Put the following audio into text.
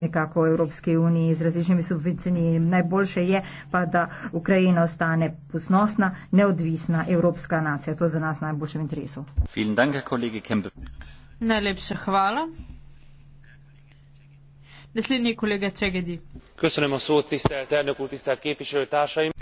nekako v Evropski uniji z različnimi subvencijami. Najboljše je pa, da Ukrajina ostane posnosna, neodvisna evropska nacija. To je za nas najboljšem interesu. Najlepša hvala. Naslednji kolega Čegedi. Köszönöm a szót, tisztelt elnök úr, tisztelt képviselőtársaim!